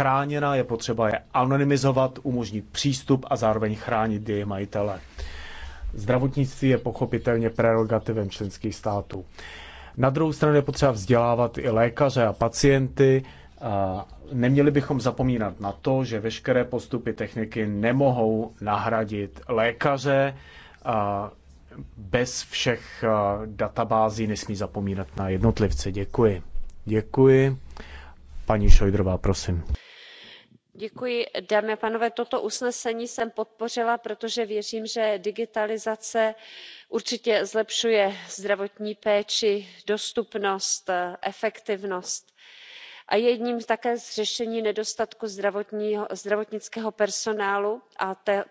chráněna, je potřeba je anonymizovat, umožnit přístup a zároveň chránit její majitele. Zdravotnictví je pochopitelně prerogativem členských států. Na druhou stranu je potřeba vzdělávat i lékaře a pacienty. Neměli bychom zapomínat na to, že veškeré postupy techniky nemohou nahradit lékaře. Bez všech databází nesmí zapomínat na jednotlivce. Děkuji. Děkuji. Paní Šojdrová, prosím pane předsedající toto usnesení jsem podpořila protože věřím že digitalizace určitě zlepšuje zdravotní péči dostupnost efektivnost a je jedním také z řešení nedostatku zdravotnického personálu a této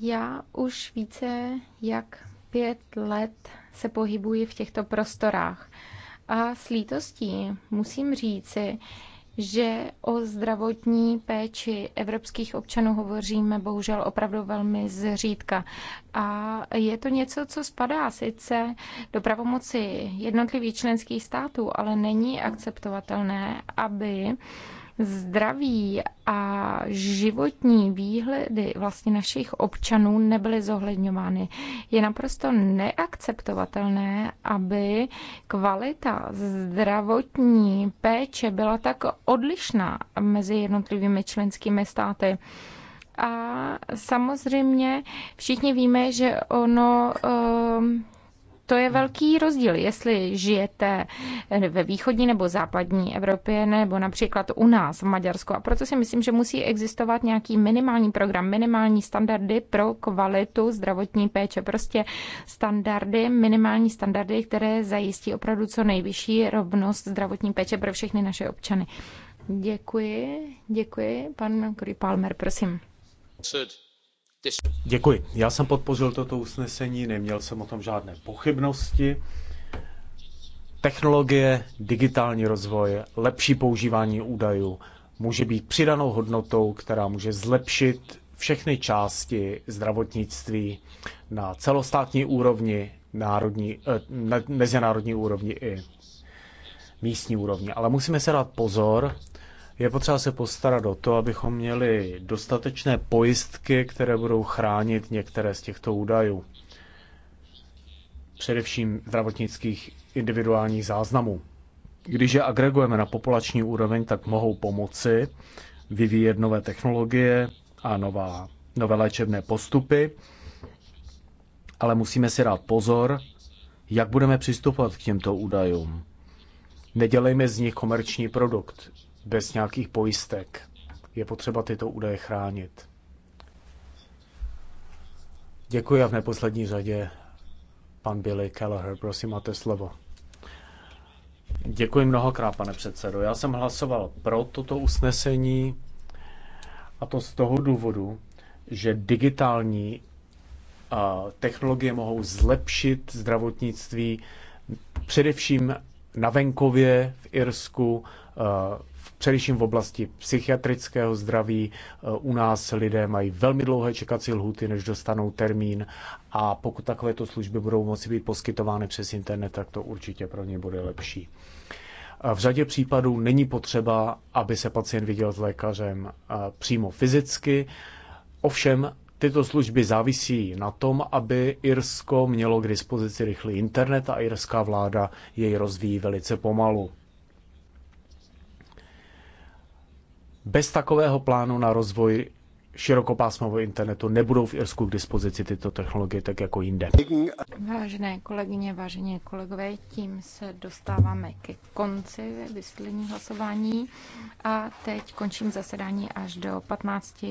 Já už více jak pět let se pohybuji v těchto prostorách a s lítostí musím říci, že o zdravotní péči evropských občanů hovoříme bohužel opravdu velmi zřídka. A je to něco, co spadá sice do pravomoci jednotlivých členských států, ale není akceptovatelné, aby zdraví a životní výhledy vlastně našich občanů nebyly zohledňovány. Je naprosto neakceptovatelné, aby kvalita zdravotní péče byla tak odlišná mezi jednotlivými členskými státy. A samozřejmě všichni víme, že ono ehm, to je velký rozdíl, jestli žijete eh, ve východní nebo západní Evropě, nebo například u nás v Maďarsku. A proto si myslím, že musí existovat nějaký minimální program, minimální standardy pro kvalitu zdravotní péče. Prostě standardy, minimální standardy, které zajistí opravdu co nejvyšší rovnost zdravotní péče pro všechny naše občany. Děkuji, děkuji. Pan Kory Palmer, prosím. Děkuji. Já jsem podpořil toto usnesení, neměl jsem o tom žádné pochybnosti. Technologie, digitální rozvoj, lepší používání údajů může být přidanou hodnotou, která může zlepšit všechny části zdravotnictví na celostátní úrovni, národní, eh, mezinárodní úrovni i místní úrovni. Ale musíme se dát pozor, je potřeba se postarat o to, abychom měli dostatečné pojistky, které budou chránit některé z těchto údajů, především zdravotnických individuálních záznamů. Když je agregujeme na populační úroveň, tak mohou pomoci vyvíjet nové technologie a nová, nové léčebné postupy, ale musíme si dát pozor, jak budeme přistupovat k těmto údajům. Nedělejme z nich komerční produkt bez nějakých pojistek. Je potřeba tyto údaje chránit. Děkuji a v neposlední řadě pan Billy Kelleher. Prosím, máte slovo. Děkuji mnohokrát, pane předsedo. Já jsem hlasoval pro toto usnesení a to z toho důvodu, že digitální technologie mohou zlepšit zdravotnictví především na venkově, v Irsku, především v oblasti psychiatrického zdraví. Eh, u nás lidé mají velmi dlouhé čekací lhuty, než dostanou termín a pokud takovéto služby budou moci být poskytovány přes internet, tak to určitě pro ně bude lepší. Eh, v řadě případů není potřeba, aby se pacient viděl s lékařem eh, přímo fyzicky, ovšem tyto služby závisí na tom, aby Irsko mělo k dispozici rychlý internet a irská vláda jej rozvíjí velice pomalu. Bez takového plánu na rozvoj širokopásmového internetu nebudou v Irsku k dispozici tyto technologie tak jako jinde. Vážené kolegyně, vážení kolegové, tím se dostáváme ke konci vysvětlení hlasování a teď končím zasedání až do 15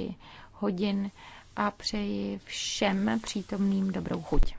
hodin a přeji všem přítomným dobrou chuť.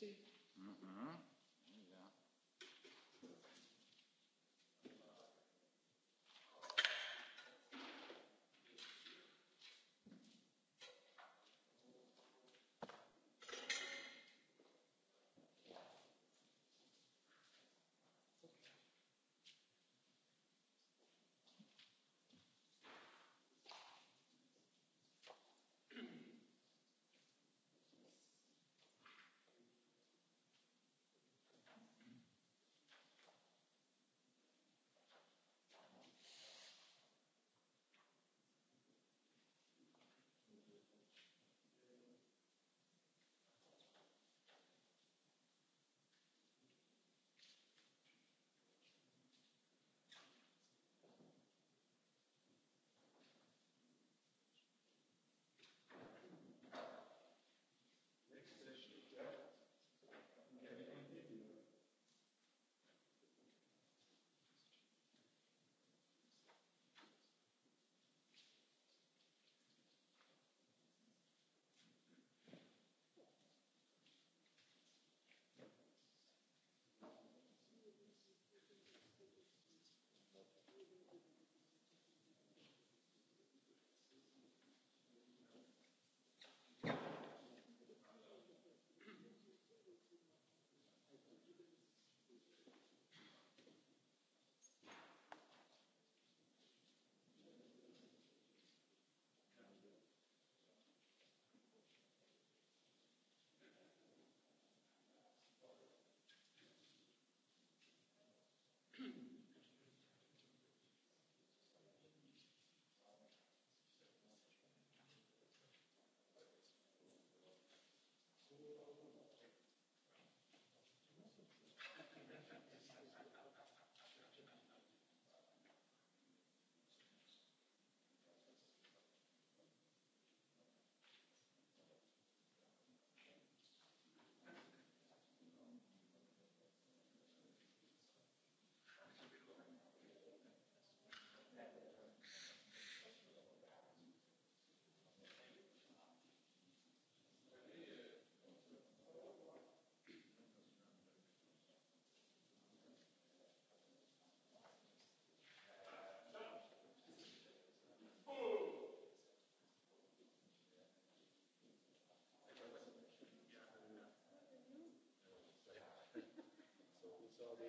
tři. Mm-hmm.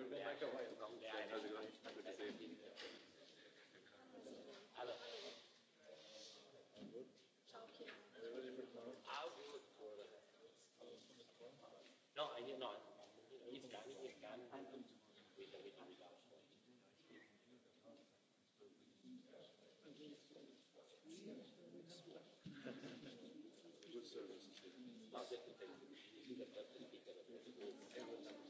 No, Good service. Not just the thing. You can have to speak at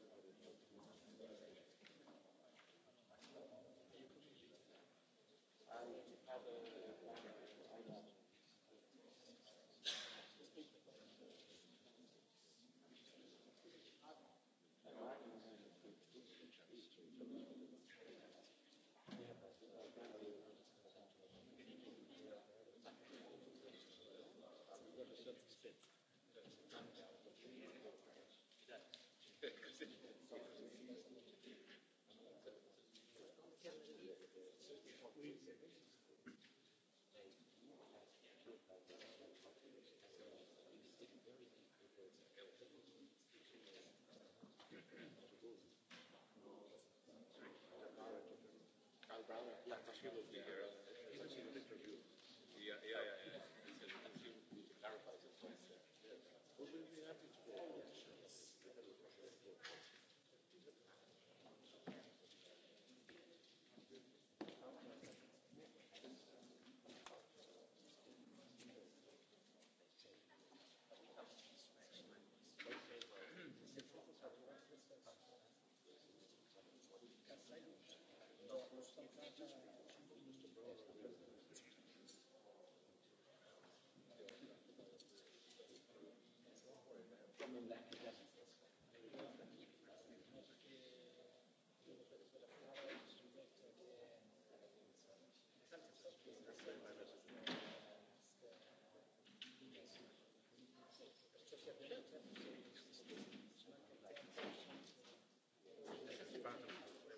Yeah, yeah, yeah. yeah. He said he would clarify some points there.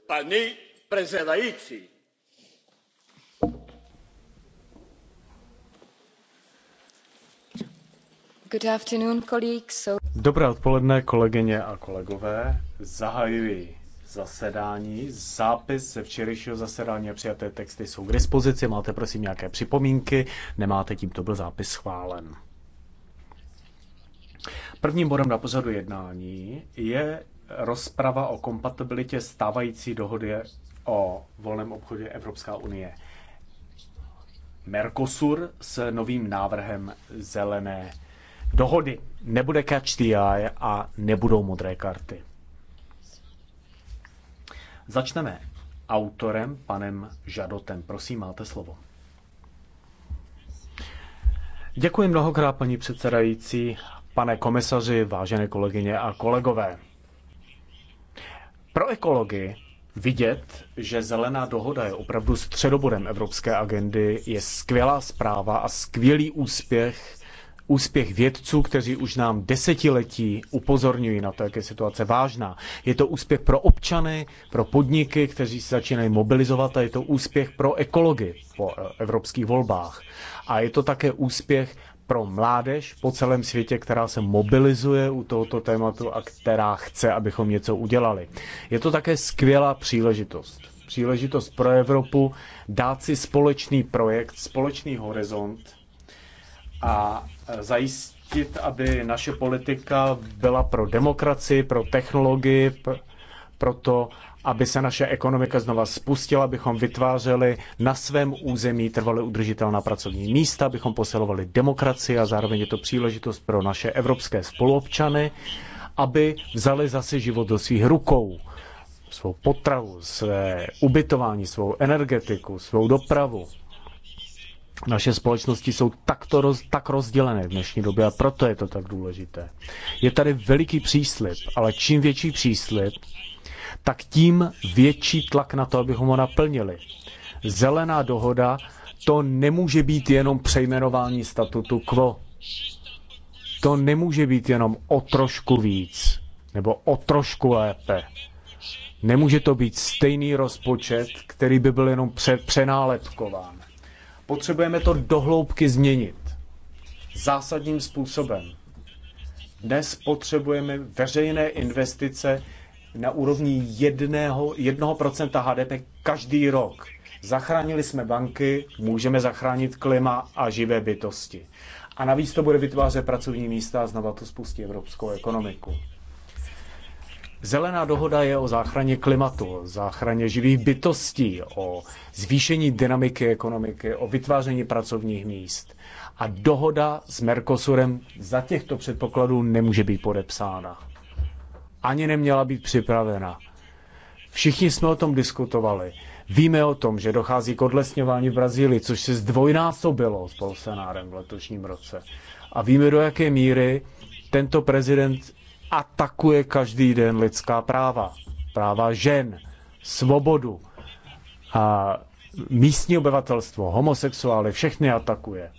pani předsedající Dobré odpoledne, kolegyně a kolegové. Zahajuji zasedání. Zápis ze včerejšího zasedání a přijaté texty jsou k dispozici. Máte prosím nějaké připomínky? Nemáte, tímto byl zápis schválen. Prvním bodem na pořadu jednání je rozprava o kompatibilitě stávající dohody o volném obchodě Evropská unie. Mercosur s novým návrhem zelené dohody. Nebude catch the eye a nebudou modré karty. Začneme autorem, panem Žadotem. Prosím, máte slovo. Děkuji mnohokrát, paní předsedající, pane komisaři, vážené kolegyně a kolegové. Pro ekologii vidět, že zelená dohoda je opravdu středobodem evropské agendy, je skvělá zpráva a skvělý úspěch úspěch vědců, kteří už nám desetiletí upozorňují na to, jak je situace vážná. Je to úspěch pro občany, pro podniky, kteří se začínají mobilizovat a je to úspěch pro ekology po e, evropských volbách. A je to také úspěch pro mládež po celém světě, která se mobilizuje u tohoto tématu a která chce, abychom něco udělali. Je to také skvělá příležitost. Příležitost pro Evropu dát si společný projekt, společný horizont a zajistit, aby naše politika byla pro demokracii, pro technologii, pro to, aby se naše ekonomika znova spustila, abychom vytvářeli na svém území trvale udržitelná pracovní místa, abychom posilovali demokracii a zároveň je to příležitost pro naše evropské spoluobčany, aby vzali zase život do svých rukou, svou potravu, své ubytování, svou energetiku, svou dopravu. Naše společnosti jsou takto roz, tak rozdělené v dnešní době a proto je to tak důležité. Je tady veliký příslip, ale čím větší příslip, tak tím větší tlak na to, aby ho naplnili. Zelená dohoda to nemůže být jenom přejmenování statutu quo. To nemůže být jenom o trošku víc nebo o trošku lépe. Nemůže to být stejný rozpočet, který by byl jenom pře- přenálepkován. Potřebujeme to dohloubky změnit. Zásadním způsobem. Dnes potřebujeme veřejné investice na úrovni jedného, jednoho procenta HDP každý rok. Zachránili jsme banky, můžeme zachránit klima a živé bytosti. A navíc to bude vytvářet pracovní místa a znova to spustí evropskou ekonomiku. Zelená dohoda je o záchraně klimatu, o záchraně živých bytostí, o zvýšení dynamiky ekonomiky, o vytváření pracovních míst. A dohoda s Mercosurem za těchto předpokladů nemůže být podepsána ani neměla být připravena. Všichni jsme o tom diskutovali. Víme o tom, že dochází k odlesňování v Brazílii, což se zdvojnásobilo s Bolsonárem v letošním roce. A víme, do jaké míry tento prezident atakuje každý den lidská práva. Práva žen, svobodu, a místní obyvatelstvo, homosexuály, všechny atakuje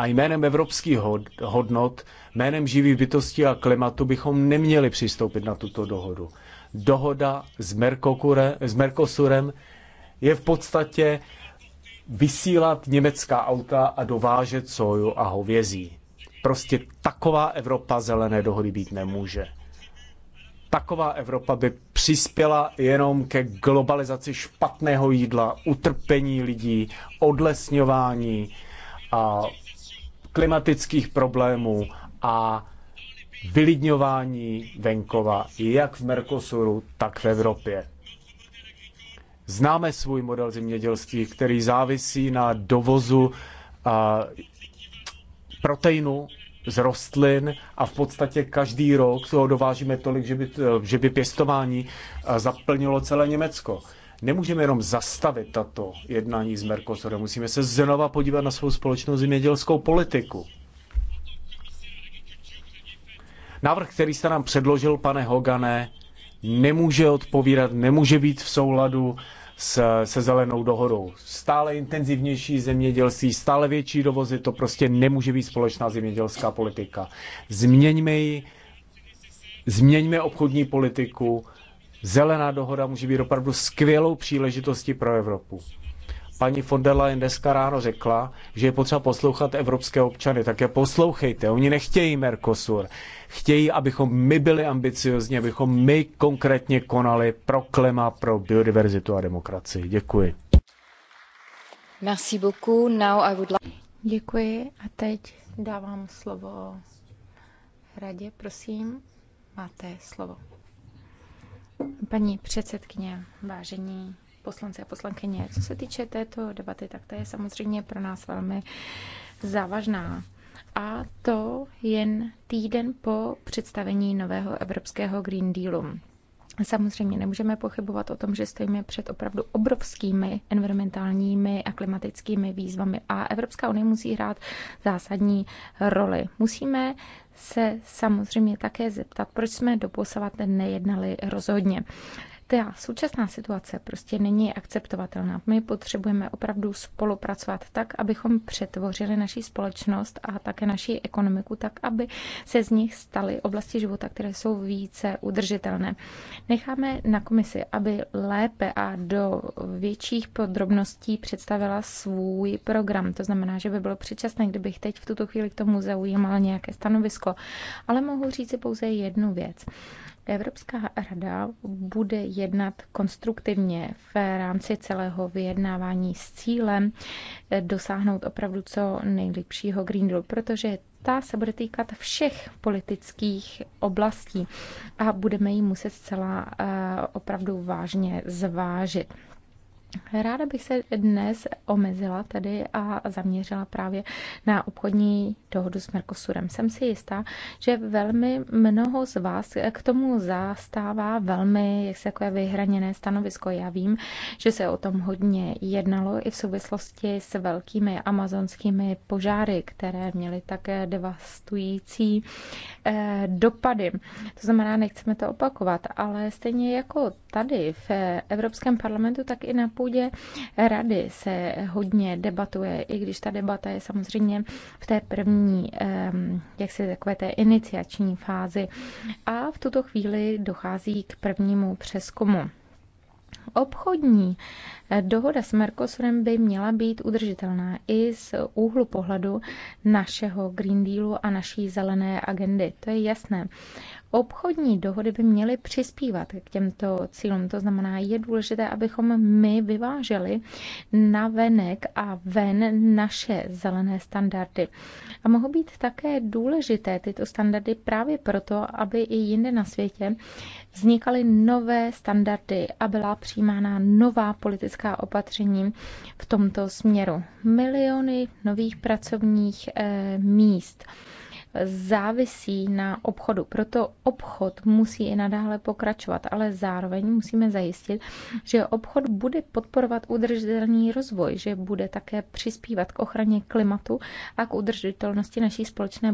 a jménem evropských hodnot, jménem živých bytostí a klimatu bychom neměli přistoupit na tuto dohodu. Dohoda s, Merkokure, s Mercosurem je v podstatě vysílat německá auta a dovážet soju a hovězí. Prostě taková Evropa zelené dohody být nemůže. Taková Evropa by přispěla jenom ke globalizaci špatného jídla, utrpení lidí, odlesňování a klimatických problémů a vylidňování venkova jak v Mercosuru, tak v Evropě. Známe svůj model zemědělství, který závisí na dovozu a, proteinu z rostlin a v podstatě každý rok toho dovážíme tolik, že by, že by pěstování zaplnilo celé Německo. Nemůžeme jenom zastavit tato jednání s Mercosurem, musíme se znova podívat na svou společnou zemědělskou politiku. Návrh, který jste nám předložil, pane Hogané, nemůže odpovídat, nemůže být v souladu s, se zelenou dohodou. Stále intenzivnější zemědělství, stále větší dovozy, to prostě nemůže být společná zemědělská politika. Změňme ji, změňme obchodní politiku, Zelená dohoda může být opravdu skvělou příležitostí pro Evropu. Paní von der Leyen dneska ráno řekla, že je potřeba poslouchat evropské občany. Tak je poslouchejte, oni nechtějí Mercosur. Chtějí, abychom my byli ambiciozní, abychom my konkrétně konali pro klima, pro biodiverzitu a demokracii. Děkuji. Merci beaucoup. Now I would like... Děkuji a teď dávám slovo radě, prosím. Máte slovo. Paní předsedkyně, vážení poslanci a poslankyně, co se týče této debaty, tak to je samozřejmě pro nás velmi závažná. A to jen týden po představení nového evropského Green Dealu. Samozřejmě nemůžeme pochybovat o tom, že stojíme před opravdu obrovskými environmentálními a klimatickými výzvami a Evropská unie musí hrát zásadní roli. Musíme se samozřejmě také zeptat, proč jsme doposavat nejednali rozhodně ta současná situace prostě není akceptovatelná. My potřebujeme opravdu spolupracovat tak, abychom přetvořili naši společnost a také naši ekonomiku tak, aby se z nich staly oblasti života, které jsou více udržitelné. Necháme na komisi, aby lépe a do větších podrobností představila svůj program. To znamená, že by bylo předčasné, kdybych teď v tuto chvíli k tomu zaujímal nějaké stanovisko. Ale mohu říct si pouze jednu věc. Evropská rada bude jednat konstruktivně v rámci celého vyjednávání s cílem eh, dosáhnout opravdu co nejlepšího Green Deal, protože ta se bude týkat všech politických oblastí a budeme ji muset zcela eh, opravdu vážně zvážit. Ráda bych se dnes omezila tady a zaměřila právě na obchodní dohodu s Mercosurem. Jsem si jistá, že velmi mnoho z vás k tomu zastává velmi jak se takové vyhraněné stanovisko. Já vím, že se o tom hodně jednalo i v souvislosti s velkými amazonskými požáry, které měly také devastující eh, dopady. To znamená, nechceme to opakovat, ale stejně jako tady v Evropském parlamentu, tak i na půdě rady se hodně debatuje, i když ta debata je samozřejmě v té první, jak se takové té iniciační fázi. A v tuto chvíli dochází k prvnímu přeskumu. Obchodní eh, dohoda s Mercosurem by měla být udržitelná i z úhlu pohledu našeho Green Dealu a naší zelené agendy. To je jasné obchodní dohody by měly přispívat k těmto cílům. To znamená, je důležité, abychom my vyváželi na venek a ven naše zelené standardy. A mohou být také důležité tyto standardy právě proto, aby i jinde na světě vznikaly nové standardy a byla přijímána nová politická opatření v tomto směru. Miliony nových pracovních eh, míst závisí na obchodu. Proto obchod musí i nadále pokračovat, ale zároveň musíme zajistit, že obchod bude podporovat udržitelný rozvoj, že bude také přispívat k ochraně klimatu a k udržitelnosti naší společné